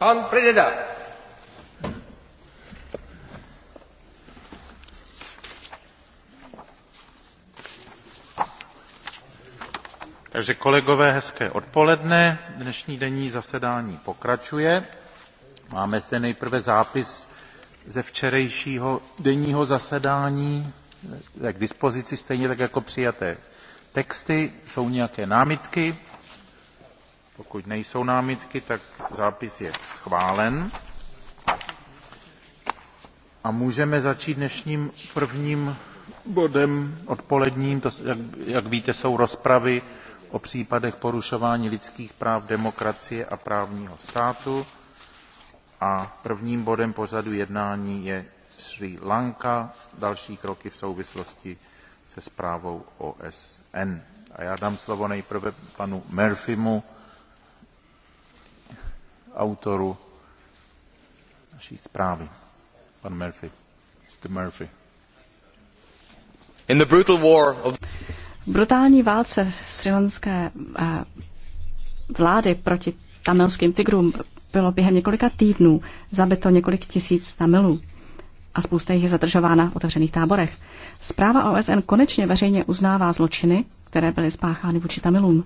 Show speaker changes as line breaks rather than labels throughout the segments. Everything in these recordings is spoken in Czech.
Pan předseda. Takže kolegové, hezké odpoledne. Dnešní denní zasedání pokračuje. Máme zde nejprve zápis ze včerejšího denního zasedání eh, k dispozici, stejně tak jako přijaté texty. Jsou nějaké námitky? Pokud nejsou námitky, tak zápis je schválen. A můžeme začít dnešním prvním bodem odpoledním. To, jak, jak víte, jsou rozpravy o případech porušování lidských práv, demokracie a právního státu. A prvním bodem pořadu jednání je Sri Lanka, další kroky v souvislosti se zprávou OSN. A já dám slovo nejprve panu Murphymu, autoru naší zprávy. Pan Murphy. Mr. Murphy.
In the brutal war of...
Brutální válce srilanské eh, vlády proti tamilským tigrům bylo během několika týdnů zabito několik tisíc tamilů a spousta jich je zadržována v otevřených táborech. Zpráva OSN konečně veřejně uznává zločiny, které byly spáchány vůči tamilům.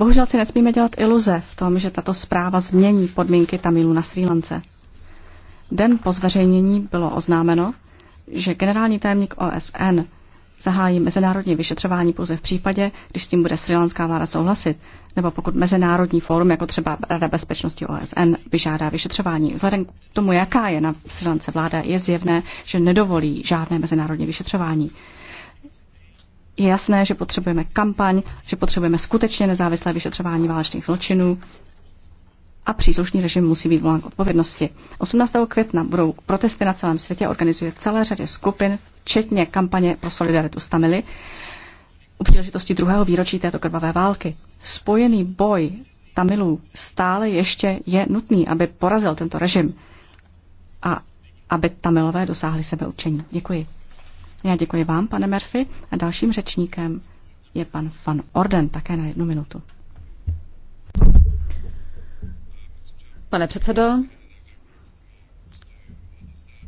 Bohužel si nesmíme dělat iluze v tom, že tato zpráva změní podmínky Tamilů na Sri Lance. Den po zveřejnění bylo oznámeno, že generální tajemník OSN zahájí mezinárodní vyšetřování pouze v případě, když s tím bude Lanská vláda souhlasit, nebo pokud mezinárodní fórum, jako třeba Rada bezpečnosti OSN, vyžádá vyšetřování. Vzhledem k tomu, jaká je na Sri Lance vláda, je zjevné, že nedovolí žádné mezinárodní vyšetřování. Je jasné, že potřebujeme kampaň, že potřebujeme skutečně nezávislé vyšetřování válečných zločinů a příslušný režim musí být volán k odpovědnosti. 18. května budou protesty na celém světě, organizuje celé řadě skupin, včetně kampaně pro solidaritu s Tamily, u příležitosti druhého výročí této krvavé války. Spojený boj Tamilů stále ještě je nutný, aby porazil tento režim a aby Tamilové dosáhli sebeurčení. Děkuji. Já děkuji vám, pane Murphy. A dalším řečníkem je pan Van Orden, také na jednu minutu.
Pane předsedo,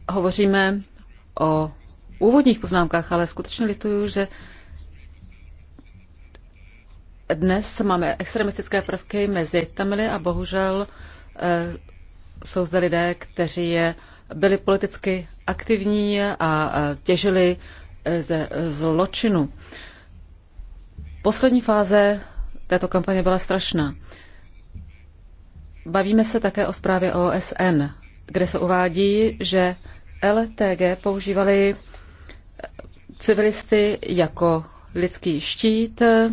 hovoříme o úvodních poznámkách, ale skutečně lituju, že dnes máme extremistické prvky mezi Tamily a bohužel eh, jsou zde lidé, kteří je byli politicky aktivní a těžili eh, ze zločinu. Poslední fáze této kampaně byla strašná. Bavíme se také o zprávě OSN, kde se uvádí, že LTG používali eh, civilisty jako lidský štít, eh,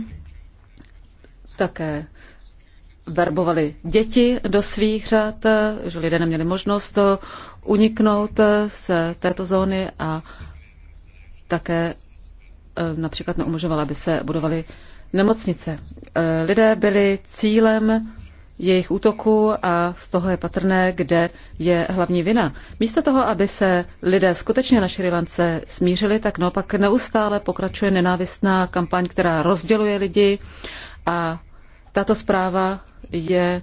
také verbovali děti do svých řad, že lidé neměli možnost uniknout z této zóny a také eh, například neumožňovala, aby se budovaly nemocnice. Eh, lidé byli cílem jejich útoku a z toho je patrné, kde je hlavní vina. Místo toho, aby se lidé skutečně na Šrilance smířili, tak naopak neustále pokračuje nenávistná kampaň, která rozděluje lidi a tato zpráva je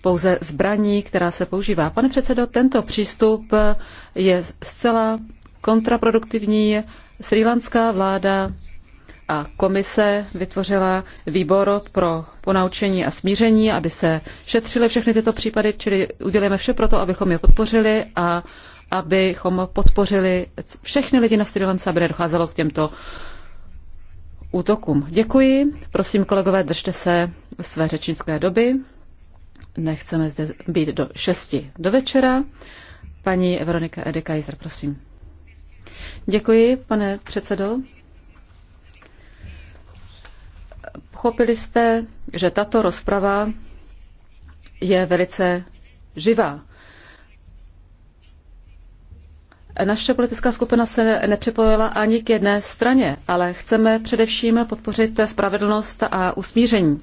pouze zbraní, která se používá. Pane předsedo, tento přístup je zcela kontraproduktivní. Srílanská vláda a komise vytvořila výbor pro ponaučení a smíření, aby se šetřily všechny tyto případy, čili uděláme vše pro to, abychom je podpořili a abychom podpořili všechny lidi na Sri Lance, aby nedocházelo k těmto útokům. Děkuji. Prosím, kolegové, držte se své řečnické doby. Nechceme zde být do 6 do večera. Paní Veronika Edekajzer, prosím. Děkuji, pane předsedo. Pochopili jste, že tato rozprava je velice živá. Naše politická skupina se nepřipojila ani k jedné straně, ale chceme především podpořit spravedlnost a usmíření.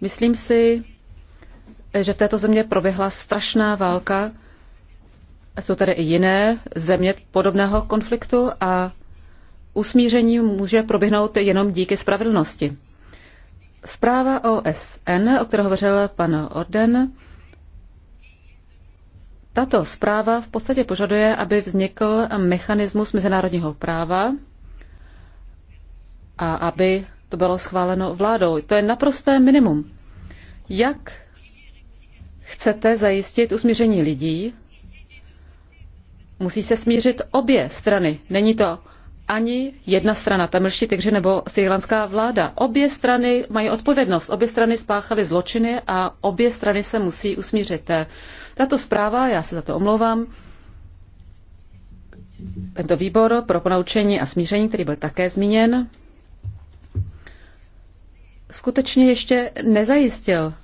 Myslím si, že v této země proběhla strašná válka. Jsou tady i jiné země podobného konfliktu a usmíření může proběhnout jenom díky spravedlnosti. Zpráva OSN, o které hovořil pan Orden, tato zpráva v podstatě požaduje, aby vznikl mechanismus mezinárodního práva a aby to bylo schváleno vládou. To je naprosté minimum. Jak chcete zajistit usmíření lidí, musí se smířit obě strany. Není to ani jedna strana, tamilští tygři nebo sýrlanská vláda. Obě strany mají odpovědnost, obě strany spáchaly zločiny a obě strany se musí usmířit. Tato zpráva, já se za to omlouvám, tento výbor pro ponaučení a smíření, který byl také zmíněn, skutečně ještě nezajistil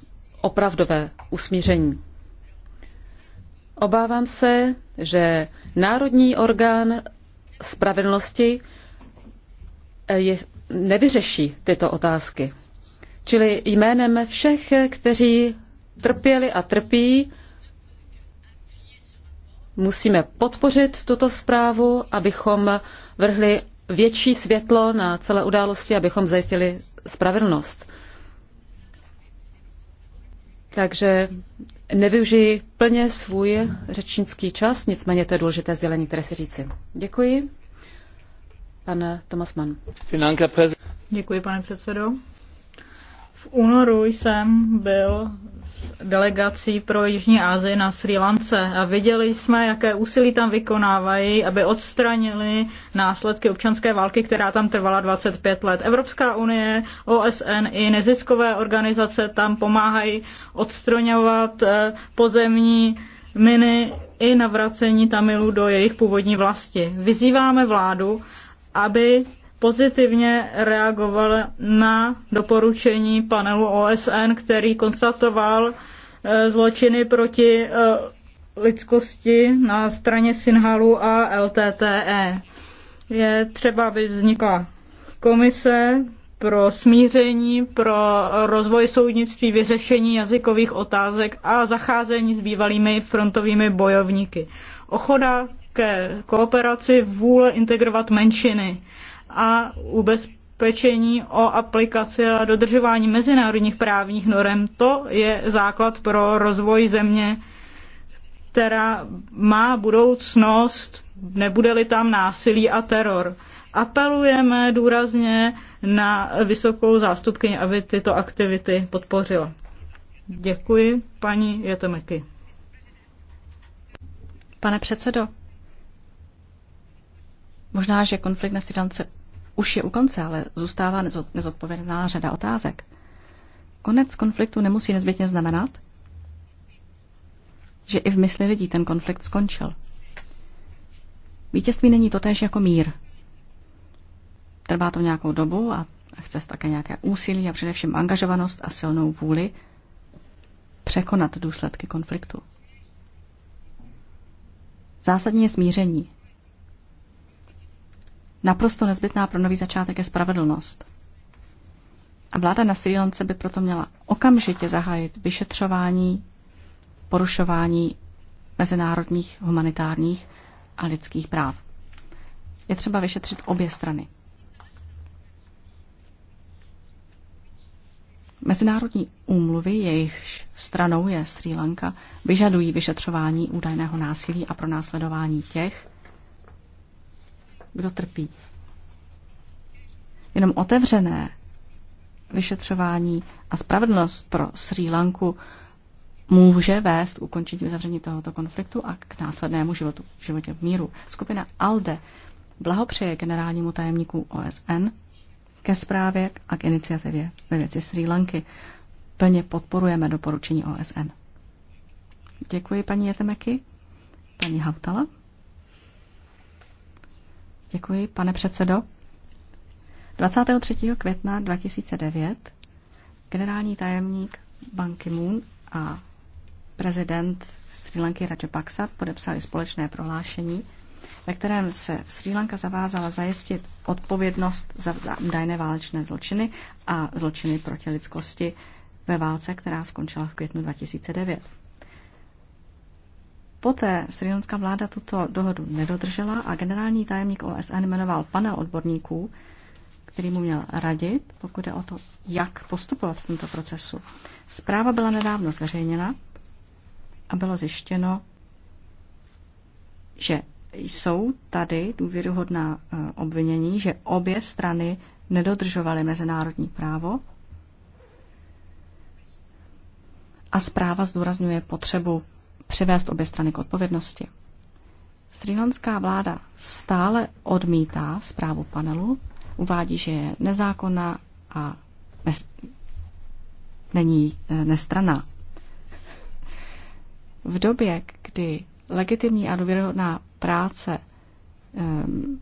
opravdové usmíření. Obávám se, že národní orgán spravedlnosti eh, je, nevyřeší tyto otázky. Čili jménem všech, kteří trpěli a trpí, musíme podpořit tuto zprávu, abychom vrhli větší světlo na celé události, abychom zajistili spravedlnost. Takže nevyužiji plně svůj řečnický čas, nicméně to je důležité sdělení, které si říci. Děkuji.
Pan Tomas Mann. Děkuji, pane předsedo. V únoru jsem byl s delegací pro Jižní Asii na Sri Lance a viděli jsme, jaké úsilí tam vykonávají, aby odstranili následky občanské války, která tam trvala 25 let. Evropská unie, OSN i neziskové organizace tam pomáhají odstraňovat eh, pozemní miny i navracení Tamilů do jejich původní vlasti. Vyzýváme vládu, aby pozitivně reagoval na doporučení panelu OSN, který konstatoval eh, zločiny proti eh, lidskosti na straně Sinhalu a LTTE. Je třeba, aby vznikla komise pro smíření, pro rozvoj soudnictví, vyřešení jazykových otázek a zacházení s bývalými frontovými bojovníky. Ochoda ke kooperaci, vůle integrovat menšiny a ubezpečení o aplikaci a dodržování mezinárodních právních norem. To je základ pro rozvoj země, která má budoucnost, nebude-li tam násilí a teror. Apelujeme důrazně na vysokou zástupkyni, aby tyto aktivity podpořila. Děkuji, paní Jetemeky. Pane předsedo,
možná, že konflikt na Sri už je u konce, ale zůstává nezodpovědná řada otázek. Konec konfliktu nemusí nezbytně znamenat, že i v mysli lidí ten konflikt skončil. Vítězství není totéž jako mír. Trvá to nějakou dobu a chce se také nějaké úsilí a především angažovanost a silnou vůli překonat důsledky konfliktu. Zásadní je smíření. Naprosto nezbytná pro nový začátek je spravedlnost. A vláda na Sri Lance by proto měla okamžitě zahájit vyšetřování porušování mezinárodních humanitárních a lidských práv. Je třeba vyšetřit obě strany. Mezinárodní úmluvy, jejichž stranou je Sri Lanka, vyžadují vyšetřování údajného násilí a pronásledování těch, kdo trpí. Jenom otevřené vyšetřování a spravedlnost pro Sri Lanku může vést k ukončení uzavření tohoto konfliktu a k následnému životu, životě v míru. Skupina ALDE blahopřeje generálnímu tajemníku OSN ke zprávě a k iniciativě ve věci Sri Lanky. Plně podporujeme doporučení OSN. Děkuji paní Jetemeky, paní Hautala. Děkuji, pane předsedo. 23. května 2009 generální tajemník Banky Moon a prezident Sri Lanky Rajapaksa podepsali společné prohlášení, ve kterém se Sri Lanka zavázala zajistit odpovědnost za údajné válečné zločiny a zločiny proti lidskosti ve válce, která skončila v květnu 2009. Poté srinonská vláda tuto dohodu nedodržela a generální tajemník OSN jmenoval panel odborníků, který mu měl radit, pokud je o to, jak postupovat v tomto procesu. Zpráva byla nedávno zveřejněna a bylo zjištěno, že jsou tady důvěryhodná e, obvinění, že obě strany nedodržovaly mezinárodní právo. A zpráva zdůrazňuje potřebu přivést obě strany k odpovědnosti. Srilanská vláda stále odmítá zprávu panelu, uvádí, že je nezákonná a ne, není eh, nestraná. V době, kdy legitimní a důvěryhodná práce eh,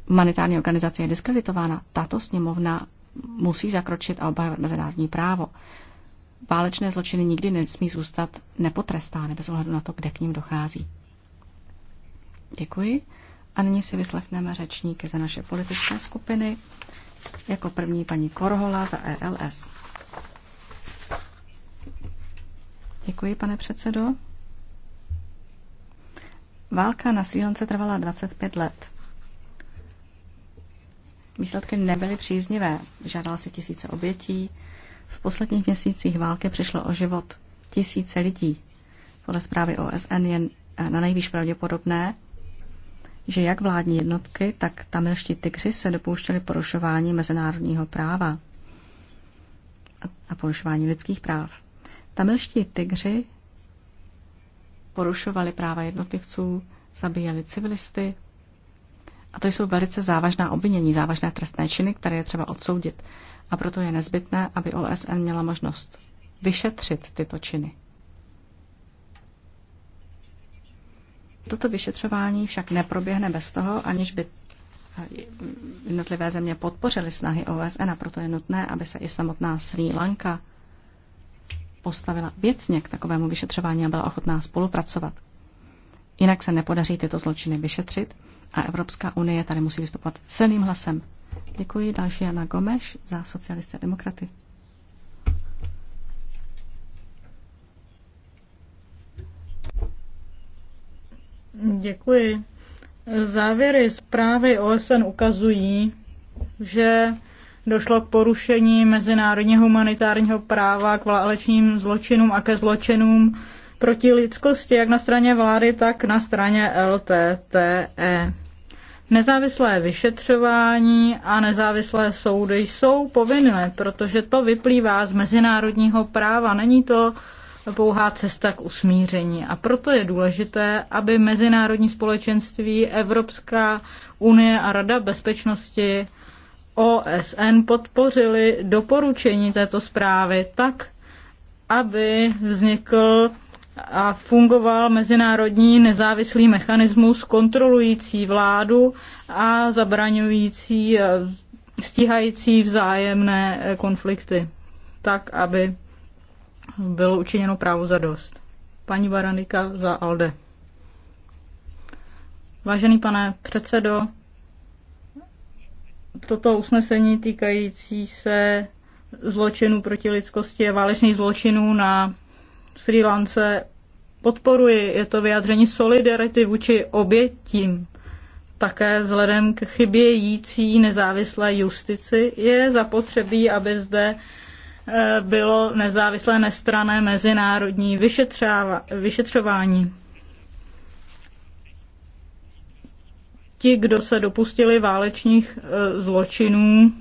humanitární organizace je diskreditována, tato sněmovna musí zakročit a obhajovat mezinárodní právo válečné zločiny nikdy nesmí zůstat nepotrestány bez ohledu na to, kde k ním dochází. Děkuji. A nyní si vyslechneme řečníky za naše politické skupiny. Jako první paní Korhola za ELS. Děkuji, pane předsedo. Válka na Sri Lance trvala 25 let. Výsledky nebyly příznivé. Žádala si tisíce obětí, v posledních měsících války přišlo o život tisíce lidí. Podle zprávy OSN je na nejvíc pravděpodobné, že jak vládní jednotky, tak tamilští tygři se dopouštěli porušování mezinárodního práva a porušování lidských práv. Tamilští tygři porušovali práva jednotlivců, zabíjeli civilisty. A to jsou velice závažná obvinění, závažné trestné činy, které je třeba odsoudit a proto je nezbytné, aby OSN měla možnost vyšetřit tyto činy. Toto vyšetřování však neproběhne bez toho, aniž by jednotlivé země podpořily snahy OSN a proto je nutné, aby se i samotná Sri Lanka postavila věcně k takovému vyšetřování a byla ochotná spolupracovat. Jinak se nepodaří tyto zločiny vyšetřit a Evropská unie tady musí vystupovat silným hlasem Děkuji. Další Jana Gomeš za socialisté demokraty.
Děkuji. Závěry zprávy OSN ukazují, že došlo k porušení mezinárodního humanitárního práva, k válečným zločinům a ke zločinům proti lidskosti jak na straně vlády, tak na straně LTTE. Nezávislé vyšetřování a nezávislé soudy jsou povinné, protože to vyplývá z mezinárodního práva. Není to pouhá cesta k usmíření. A proto je důležité, aby mezinárodní společenství, Evropská unie a Rada bezpečnosti OSN podpořili doporučení této zprávy tak, aby vznikl a fungoval mezinárodní nezávislý mechanismus kontrolující vládu a zabraňující, eh, stíhající vzájemné eh, konflikty, tak, aby bylo učiněno právo za dost. Paní Baranika za ALDE. Vážený pane předsedo, toto usnesení týkající se zločinů proti lidskosti a válečných zločinů na Sri Lance podporuji. Je to vyjádření solidarity vůči obětím. Také vzhledem k chybějící nezávislé justici je zapotřebí, aby zde eh, bylo nezávislé nestrané mezinárodní vyšetřování. Ti, kdo se dopustili válečních eh, zločinů,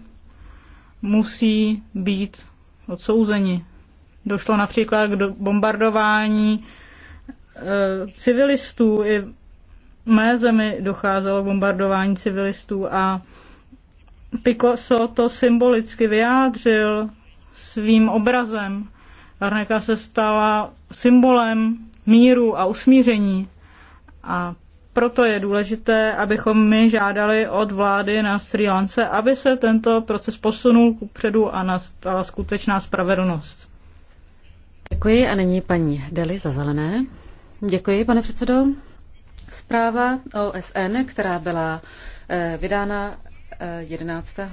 musí být odsouzeni. Došlo například k bombardování e, civilistů. I v mé zemi docházelo k bombardování civilistů a Picasso to symbolicky vyjádřil svým obrazem. Arneka se stala symbolem míru a usmíření. A proto je důležité, abychom my žádali od vlády na Sri Lance, aby se tento proces posunul kupředu a nastala skutečná spravedlnost.
Děkuji a nyní paní Deli za zelené. Děkuji, pane předsedo. Zpráva OSN, která byla eh, vydána 11. Eh,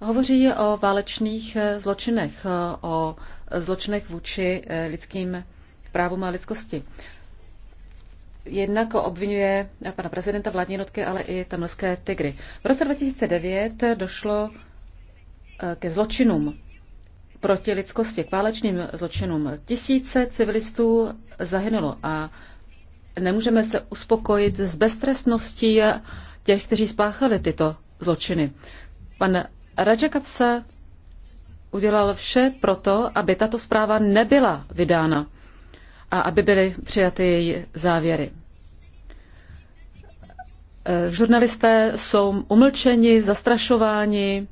hovoří o válečných eh, zločinech, o zločinech vůči lidským právům a lidskosti. Jednak obvinuje pana prezidenta vládní jednotky, ale i tamilské tygry. V roce 2009 došlo ke zločinům proti lidskosti, k válečným zločinům. Tisíce civilistů zahynulo a nemůžeme se uspokojit s beztrestností těch, kteří spáchali tyto zločiny. Pan Rajakapsa udělal vše proto, aby tato zpráva nebyla vydána a aby byly přijaty její závěry. Eh, žurnalisté jsou umlčeni, zastrašováni,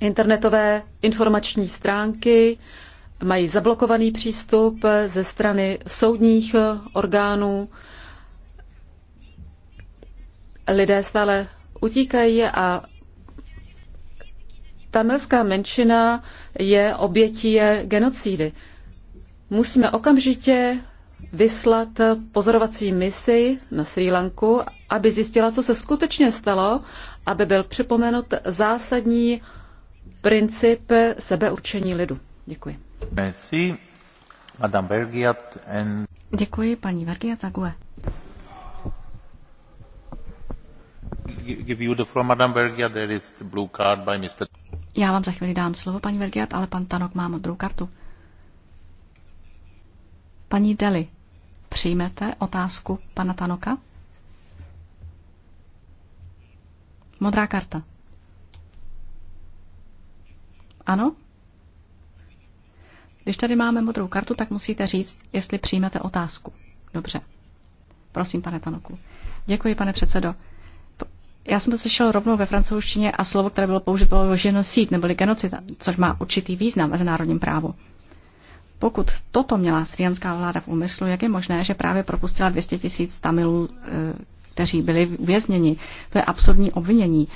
Internetové informační stránky mají zablokovaný přístup ze strany soudních orgánů. Lidé stále utíkají a tamilská menšina je obětí genocídy. Musíme okamžitě vyslat pozorovací misi na Sri Lanku, aby zjistila, co se skutečně stalo, aby byl připomenut zásadní princip sebeurčení
lidu. Děkuji.
Merci. Madame Bergiat and...
Děkuji, paní Vergiat Zague. Já vám za chvíli dám slovo, paní Vergiat, ale pan Tanok má modrou kartu. Paní Deli, přijmete otázku pana Tanoka? Modrá karta. Ano? Když tady máme modrou kartu, tak musíte říct, jestli přijmete otázku. Dobře. Prosím, pane Tanoku. Děkuji, pane předsedo. Já jsem to slyšel rovnou ve francouzštině a slovo, které bylo použito, bylo genocid neboli genocida, což má určitý význam ve mezinárodním právu. Pokud toto měla syrianská vláda v úmyslu, jak je možné, že právě propustila 200 tisíc Tamilů, eh, kteří byli uvězněni? To je absurdní obvinění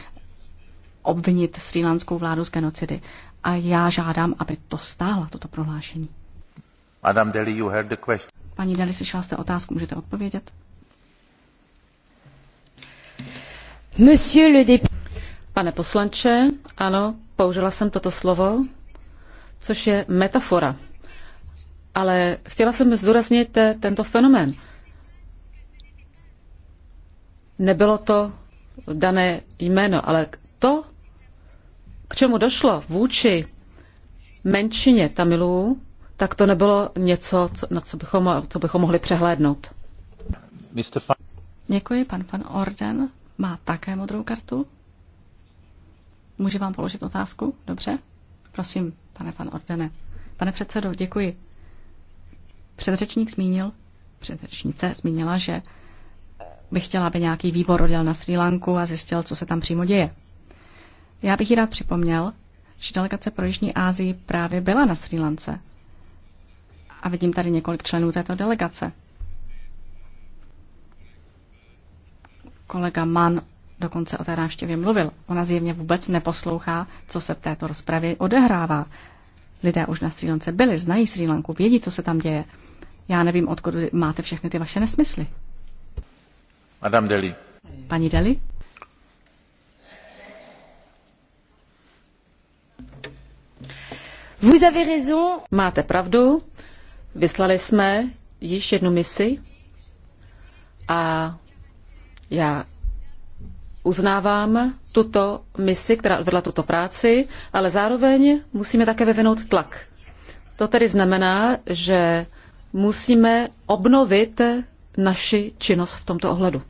obvinit srýlanskou vládu z genocidy a já žádám, aby to stála, toto prohlášení.
Madame Deli, you heard the question.
Pani Deli, slyšela jste otázku, můžete odpovědět? Monsieur
le député. Pane poslanče, ano, použila jsem toto slovo, což je metafora. Ale chtěla jsem zdůraznit eh, tento fenomén. Nebylo to dané jméno, ale to, k čemu došlo vůči menšině Tamilů, tak to nebylo něco, co, na co bychom, co bychom mohli přehlédnout.
Děkuji, pan Van Orden má také modrou kartu. Může vám položit otázku? Dobře. Prosím, pane Van Ordene. Pane předsedo, děkuji. Předřečník zmínil, předřečnice zmínila, že by chtěla, aby nějaký výbor odjel na Sri Lanku a zjistil, co se tam přímo děje. Já bych ji rád připomněl, že delegace pro Jižní Ázii právě byla na Sri Lance. A vidím tady několik členů této delegace. Kolega Mann dokonce o té návštěvě mluvil. Ona zjevně vůbec neposlouchá, co se v této rozpravě odehrává. Lidé už na Sri Lance byli, znají Sri Lanku, vědí, co se tam děje. Já nevím, odkud máte všechny ty vaše nesmysly. Madame Deli. Paní Deli?
Vous avez raison. Máte pravdu. Vyslali jsme již jednu misi a já uznávám tuto misi, která odvedla tuto práci, ale zároveň musíme také vyvinout tlak. To tedy znamená, že musíme obnovit
naši činnost v tomto ohledu.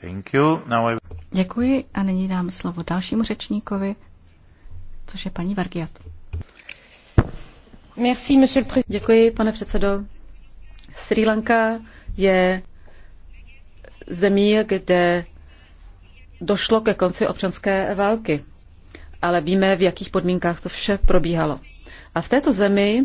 Thank you. Now I...
Děkuji a nyní dám slovo dalšímu řečníkovi, což je paní Vargiat. Děkuji, pane předsedající Sri
Lanka je zemí, kde došlo ke konci občanské války, ale víme, v jakých podmínkách to vše probíhalo. A v této zemi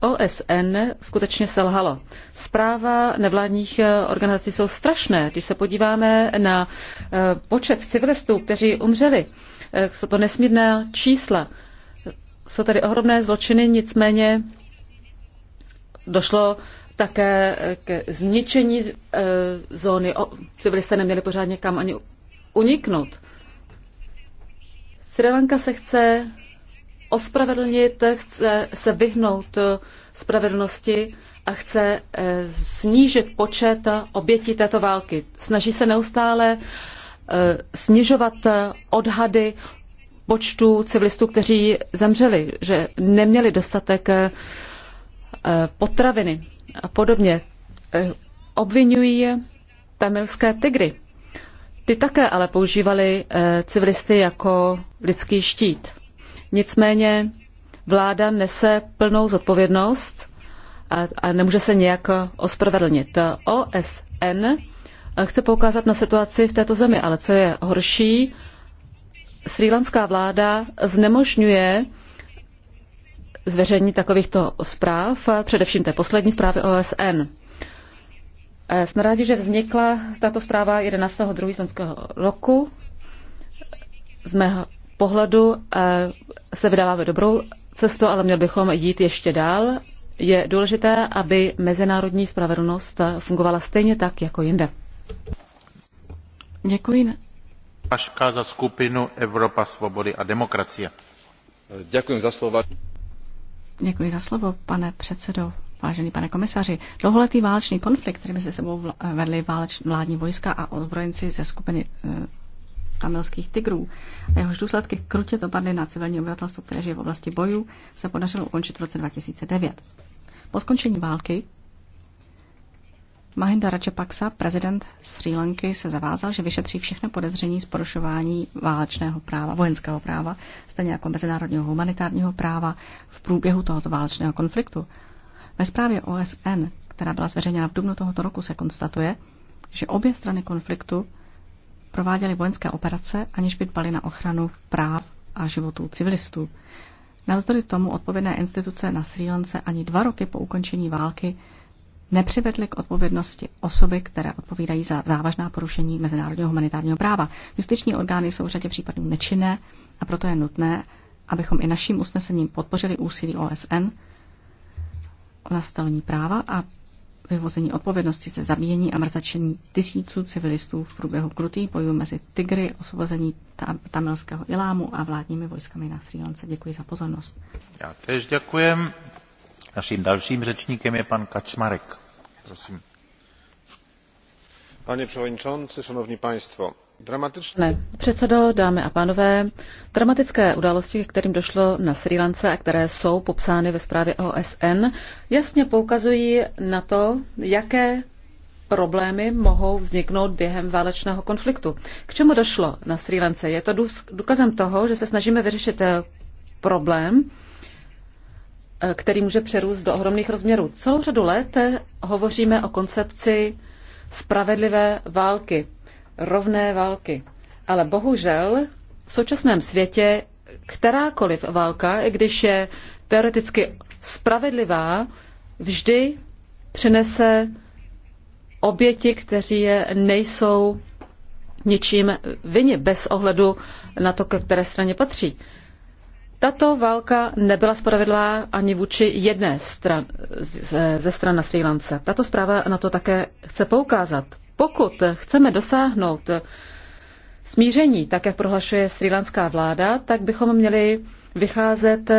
OSN skutečně selhalo. Zpráva nevládních eh, organizací jsou strašné. Když se podíváme na eh, počet civilistů, kteří umřeli, eh, jsou to nesmírné čísla jsou tady ohromné zločiny, nicméně došlo také ke zničení eh, zóny. O, civilisté neměli pořádně kam ani uniknout. Sri Lanka se chce ospravedlnit, chce se vyhnout eh, spravedlnosti a chce eh, snížit počet obětí této války. Snaží se neustále snižovat odhady počtu civilistů, kteří zemřeli, že neměli dostatek eh, potraviny a podobně. Eh, obvinují tamilské tygry. Ty také ale používali eh, civilisty jako lidský štít. Nicméně vláda nese plnou zodpovědnost a, a nemůže se nějak ospravedlnit. OSN chce poukázat na situaci v této zemi, ale co je horší, srílanská vláda znemožňuje zveřejnění takovýchto zpráv, především té poslední zprávy OSN. Eh, jsme rádi, že vznikla tato zpráva 11. 2. loňského roku. Z mého pohledu eh, se vydáváme dobrou cestou, ale měli bychom jít ještě dál. Je důležité, aby mezinárodní spravedlnost fungovala stejně tak, jako jinde. Děkuji
za skupinu Evropa svobody a demokracie. Děkuji za slovo.
Děkuji za slovo, pane předsedající Vážený pane komisaři, dlouholetý válečný konflikt, který mezi sebou vedli vládní vojska a ozbrojenci ze skupiny e, tamilských tigrů, a jehož důsledky krutě dopadly na civilní obyvatelstvo, které žije v oblasti bojů, se podařilo ukončit v roce 2009. Po skončení války Mahinda Rajapaksa, prezident Sri Lanky, se zavázal, že vyšetří všechny podezření z porušování válečného práva, vojenského práva, stejně jako mezinárodního humanitárního práva v průběhu tohoto válečného konfliktu. Ve zprávě OSN, která byla zveřejněna v dubnu tohoto roku, se konstatuje, že obě strany konfliktu prováděly vojenské operace, aniž by dbali na ochranu práv a životů civilistů. Navzdory tomu odpovědné instituce na Sri Lance ani dva roky po ukončení války nepřivedly k odpovědnosti osoby, které odpovídají za závažná porušení mezinárodního humanitárního práva. Justiční orgány jsou v řadě případů nečinné a proto je nutné, abychom i naším usnesením podpořili úsilí OSN o nastavení práva a vyvození odpovědnosti ze zabíjení a mrzačení tisíců civilistů v průběhu krutých bojů mezi Tigry, osvobození tamilského Ilámu a vládními vojskami na Sri Lance. Děkuji za pozornost.
Já tež děkujem. Naším dalším řečníkem je pan Kaczmarek. Prosím. Pane předsedající, šanovní państwo, dramatické...
předsedo, dámy a pánové, dramatické události, kterým došlo na Sri Lance a které jsou popsány ve zprávě OSN, jasně poukazují na to, jaké problémy mohou vzniknout během válečného konfliktu. K čemu došlo na Sri Lance? Je to důkazem toho, že se snažíme vyřešit eh, problém, který může přerůst do ohromných rozměrů. Celou řadu let hovoříme o koncepci spravedlivé války, rovné války. Ale bohužel v současném světě kterákoliv válka, i když je teoreticky spravedlivá, vždy přinese oběti, kteří je nejsou ničím vyni, bez ohledu na to, ke které straně patří. Tato válka nebyla spravedlá ani vůči jedné stran, ze stran na Sri Lance. Tato zpráva na to také chce poukázat. Pokud chceme dosáhnout smíření, tak jak prohlašuje Sri Lanská vláda, tak bychom měli vycházet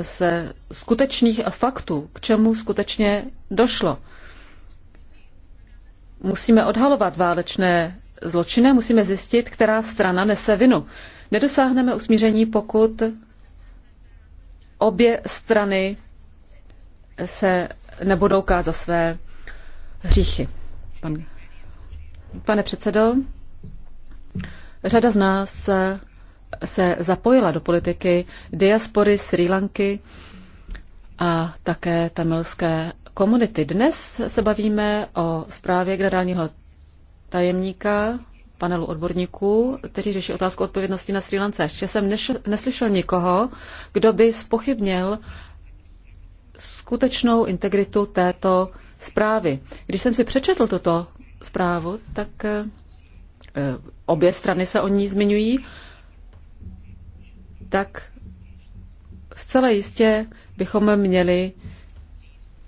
ze skutečných faktů, k čemu skutečně došlo. Musíme odhalovat válečné zločiny, musíme zjistit, která strana nese vinu. Nedosáhneme usmíření, pokud obě strany se nebudou kázat za své
hříchy. Pan,
pane předsedo, řada z nás se zapojila do politiky diaspory Sri Lanky a také tamilské komunity. Dnes se bavíme o zprávě generálního tajemníka panelu odborníků, kteří řeší otázku odpovědnosti na Sri Lance. že jsem neslyšel nikoho, kdo by spochybnil skutečnou integritu této zprávy. Když jsem si přečetl tuto zprávu, tak eh, eh, obě strany se o ní zmiňují, tak zcela jistě bychom měli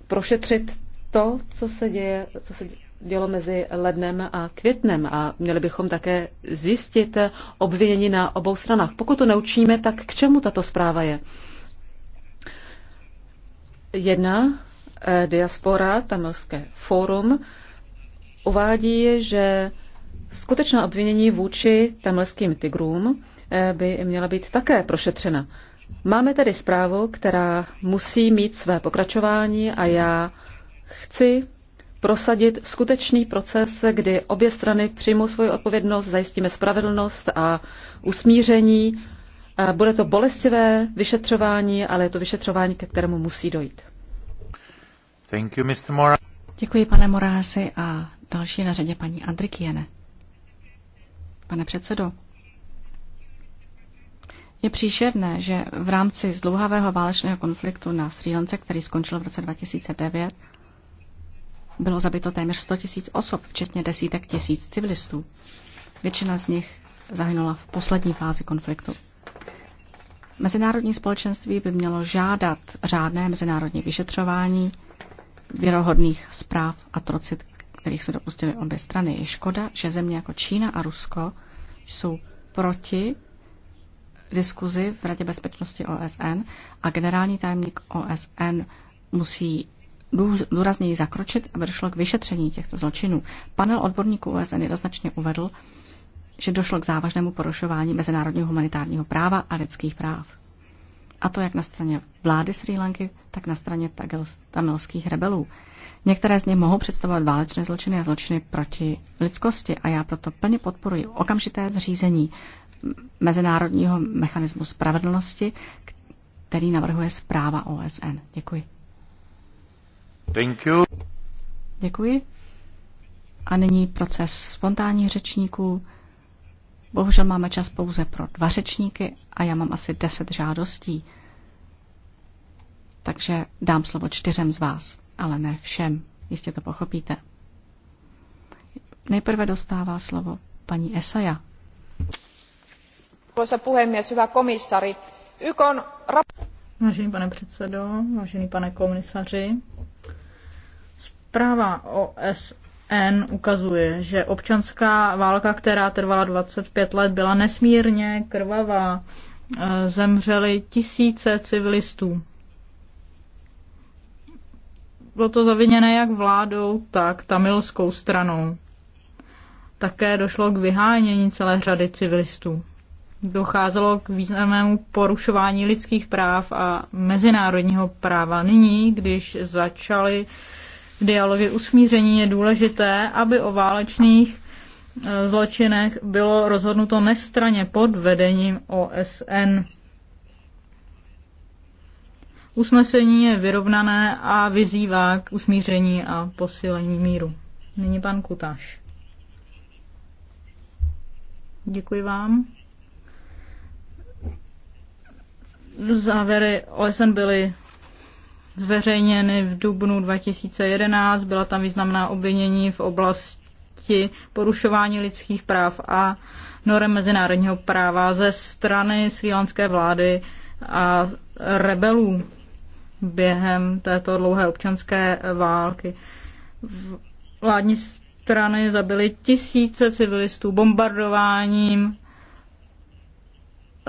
prošetřit to, co se děje, co se děje dělo mezi lednem a květnem a měli bychom také zjistit obvinění na obou stranách. Pokud to neučíme, tak k čemu tato zpráva je? Jedna eh, diaspora, tamilské fórum, uvádí, že skutečná obvinění vůči tamilským tigrům eh, by měla být také prošetřena. Máme tedy zprávu, která musí mít své pokračování a já chci prosadit skutečný proces, kdy obě strany přijmou svoji odpovědnost, zajistíme spravedlnost a usmíření. Bude to bolestivé vyšetřování, ale je to vyšetřování,
ke kterému musí dojít.
Thank you, Mr. Mora.
Děkuji, pane Morázi, a další na řadě paní Andrikiene. Pane předsedo, je příšerné, že v rámci zdlouhavého válečného konfliktu na Sri Lance, který skončil v roce 2009, bylo zabito téměř 100 tisíc osob, včetně desítek tisíc civilistů. Většina z nich zahynula v poslední fázi konfliktu. Mezinárodní společenství by mělo žádat řádné mezinárodní vyšetřování věrohodných zpráv a trocit, kterých se dopustily obě strany. Je škoda, že země jako Čína a Rusko jsou proti diskuzi v Radě bezpečnosti OSN a generální tajemník OSN musí důrazněji zakročit, aby došlo k vyšetření těchto zločinů. Panel odborníků OSN jednoznačně uvedl, že došlo k závažnému porušování mezinárodního humanitárního práva a lidských práv. A to jak na straně vlády Sri Lanky, tak na straně tamilských rebelů. Některé z nich mohou představovat válečné zločiny a zločiny proti lidskosti a já proto plně podporuji okamžité zřízení mezinárodního mechanismu spravedlnosti, který navrhuje zpráva OSN. Děkuji. Thank you. Děkuji. A nyní proces spontánních řečníků. Bohužel máme čas pouze pro dva řečníky a já mám asi deset žádostí. Takže dám slovo čtyřem z vás, ale ne všem. Jistě to pochopíte. Nejprve dostává slovo paní Esaja. Arvoisa puhemies, hyvä komissari. YK on...
Vážený pane předsedo, vážený pane komisaři, Zpráva OSN ukazuje, že občanská válka, která trvala 25 let, byla nesmírně krvavá. E, Zemřeli tisíce civilistů. Bylo to zaviněné jak vládou, tak tamilskou stranou. Také došlo k vyhánění celé řady civilistů. Docházelo k významnému porušování lidských práv a mezinárodního práva. Nyní, když začaly dialogu usmíření je důležité, aby o válečných eh, zločinech bylo rozhodnuto nestraně pod vedením OSN. Usnesení je vyrovnané a vyzývá k usmíření a posílení míru. Nyní pan Kutáš. Děkuji vám. Závěry OSN byly zveřejněny v dubnu 2011. Byla tam významná obvinění v oblasti porušování lidských práv a norem mezinárodního práva ze strany svílanské vlády a rebelů během této dlouhé občanské války. Vládní strany zabily tisíce civilistů bombardováním,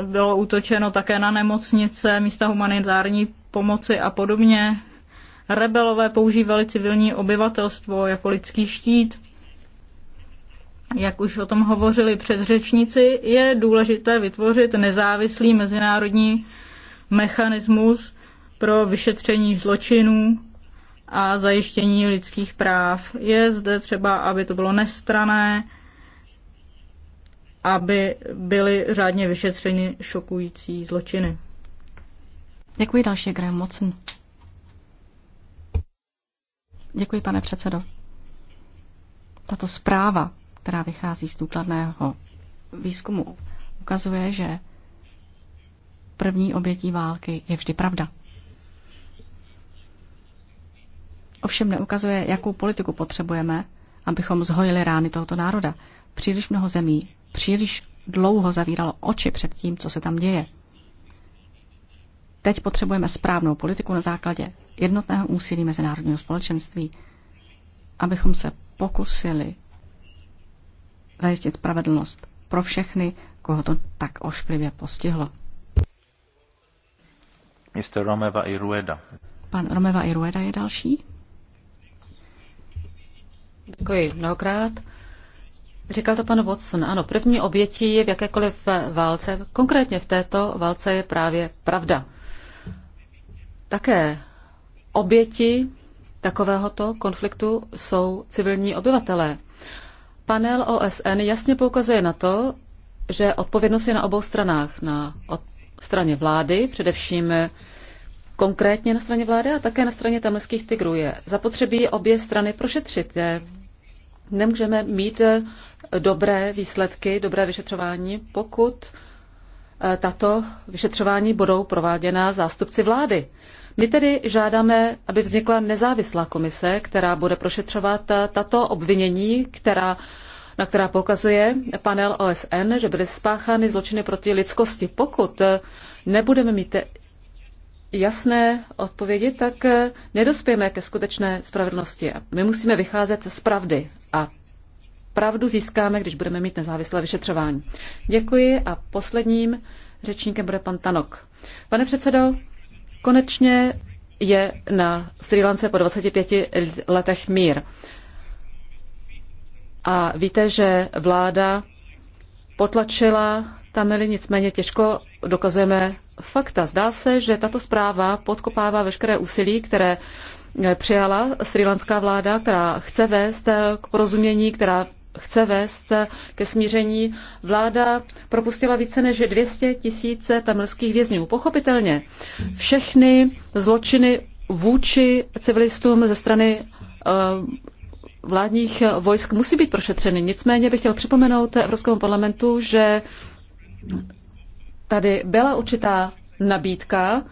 bylo útočeno také na nemocnice, místa humanitární pomoci a podobně. Rebelové používali civilní obyvatelstvo jako lidský štít. Jak už o tom hovořili předřečníci, je důležité vytvořit nezávislý mezinárodní mechanismus pro vyšetření zločinů a zajištění lidských práv. Je zde třeba, aby to bylo nestrané, aby byly řádně vyšetřeny šokující zločiny. Děkuji další, Graham Watson.
Děkuji, pane předsedo. Tato zpráva, která vychází z důkladného výzkumu, ukazuje, že první obětí války je vždy pravda. Ovšem neukazuje, jakou politiku potřebujeme, abychom zhojili rány tohoto národa. Příliš mnoho zemí příliš dlouho zavíralo oči před tím, co se tam děje. Teď potřebujeme správnou politiku na základě jednotného úsilí mezinárodního společenství, abychom se pokusili zajistit spravedlnost pro všechny, koho to tak ošklivě postihlo.
Mr. Romeva i Rueda.
Pan Romeva i Rueda je další.
Děkuji mnohokrát. Říkal to pan Watson. Ano, první obětí v jakékoliv válce, konkrétně v této válce je právě pravda. Také oběti takovéhoto konfliktu jsou civilní obyvatelé. Panel OSN jasně poukazuje na to, že odpovědnost je na obou stranách. Na straně vlády, především konkrétně na straně vlády a také na straně tamilských tigrů. Je zapotřebí obě strany prošetřit. Je nemůžeme mít eh, dobré výsledky, dobré vyšetřování, pokud eh, tato vyšetřování budou prováděna zástupci vlády. My tedy žádáme, aby vznikla nezávislá komise, která bude prošetřovat eh, tato obvinění, která, na která pokazuje panel OSN, že byly spáchány zločiny proti lidskosti. Pokud nebudeme mít jasné odpovědi, tak nedospějeme ke skutečné spravedlnosti. My musíme vycházet z pravdy a pravdu získáme, když budeme mít nezávislé vyšetřování. Děkuji a posledním řečníkem bude pan Tanok. Pane předsedo, konečně je na Sri Lance po 25 letech mír. A víte, že vláda potlačila Tamily, nicméně těžko dokazujeme fakta. Zdá se, že tato zpráva podkopává veškeré úsilí, které přijala srílanská vláda, která chce vést eh, k porozumění, která chce vést eh, ke smíření. Vláda propustila více než 200 tisíce tamilských vězňů. Pochopitelně všechny zločiny vůči civilistům ze strany eh, vládních vojsk musí být prošetřeny. Nicméně bych chtěl připomenout Evropskému parlamentu, že tady byla určitá nabídka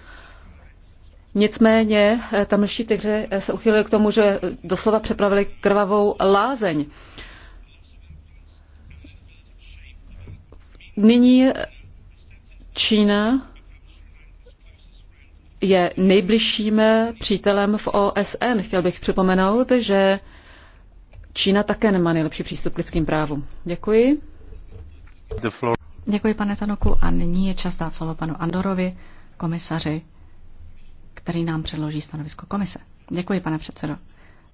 Nicméně eh, tamší tygři eh, se uchylili k tomu, že doslova přepravili krvavou lázeň. Nyní Čína je nejbližším přítelem v OSN. Chtěl bych připomenout, že
Čína také nemá nejlepší přístup k lidským právům. Děkuji. Děkuji, pane Tanoku. A nyní je čas dát slovo panu Andorovi, komisaři který nám předloží stanovisko komise. Děkuji, pane předsedo.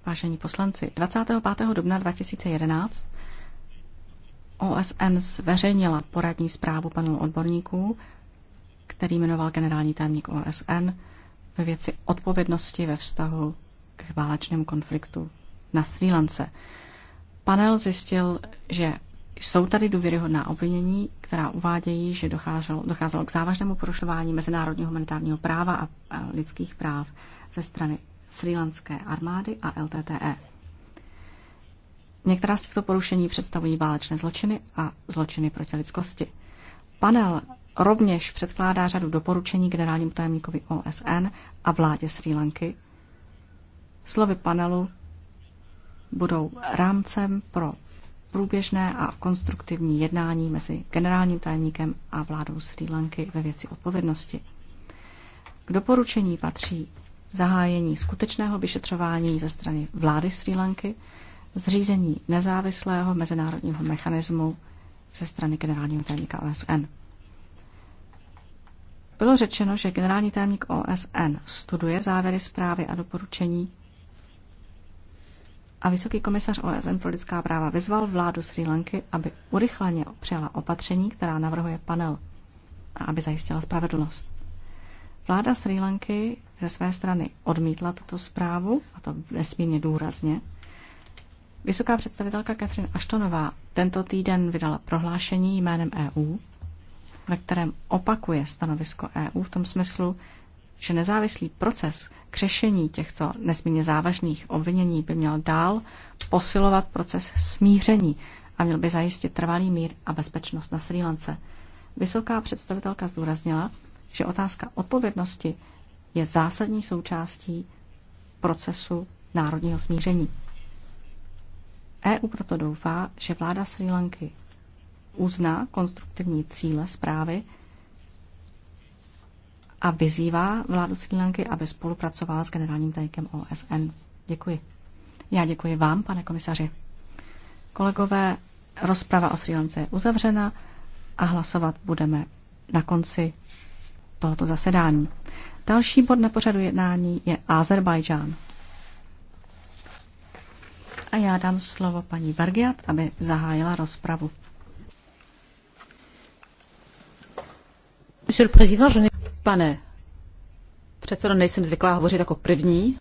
Vážení poslanci, 25. dubna 2011 OSN zveřejnila poradní zprávu panelu odborníků, který jmenoval generální tajemník OSN ve věci odpovědnosti ve vztahu k válečnému konfliktu na Sri Lance. Panel zjistil, že jsou tady důvěryhodná obvinění, která uvádějí, že docházelo, docházelo k závažnému porušování mezinárodního humanitárního práva a lidských práv ze strany srílanské armády a LTTE. Některá z těchto porušení představují válečné zločiny a zločiny proti lidskosti. Panel rovněž předkládá řadu doporučení generálnímu tajemníkovi OSN a vládě Sri Lanky. Slovy panelu budou rámcem pro průběžné a konstruktivní jednání mezi generálním tajemníkem a vládou Sri Lanky ve věci odpovědnosti. K doporučení patří zahájení skutečného vyšetřování ze strany vlády Sri Lanky, zřízení nezávislého mezinárodního mechanismu ze strany generálního tajemníka OSN. Bylo řečeno, že generální tajemník OSN studuje závěry zprávy a doporučení a vysoký komisař OSN pro lidská práva vyzval vládu Sri Lanky, aby urychleně přijala opatření, která navrhuje panel a aby zajistila spravedlnost. Vláda Sri Lanky ze své strany odmítla tuto zprávu, a to nesmírně důrazně. Vysoká představitelka Catherine Ashtonová tento týden vydala prohlášení jménem EU, ve kterém opakuje stanovisko EU v tom smyslu, že nezávislý proces k řešení těchto nesmírně závažných obvinění by měl dál posilovat proces smíření a měl by zajistit trvalý mír a bezpečnost na Sri Lance. Vysoká představitelka zdůraznila, že otázka odpovědnosti je zásadní součástí procesu národního smíření. EU proto doufá, že vláda Sri Lanky uzná konstruktivní cíle zprávy a vyzývá vládu Sri Lanky, aby spolupracovala s generálním tajemníkem OSN. Děkuji. Já děkuji vám, pane komisaři. Kolegové, rozprava o Sri Lance je uzavřena a hlasovat budeme na konci tohoto zasedání. Další bod na pořadu jednání je Azerbajdžán. A já dám slovo paní Bargiat, aby zahájila rozpravu. Monsieur le Président, je Pane předsedo, nejsem
zvyklá hovořit jako první.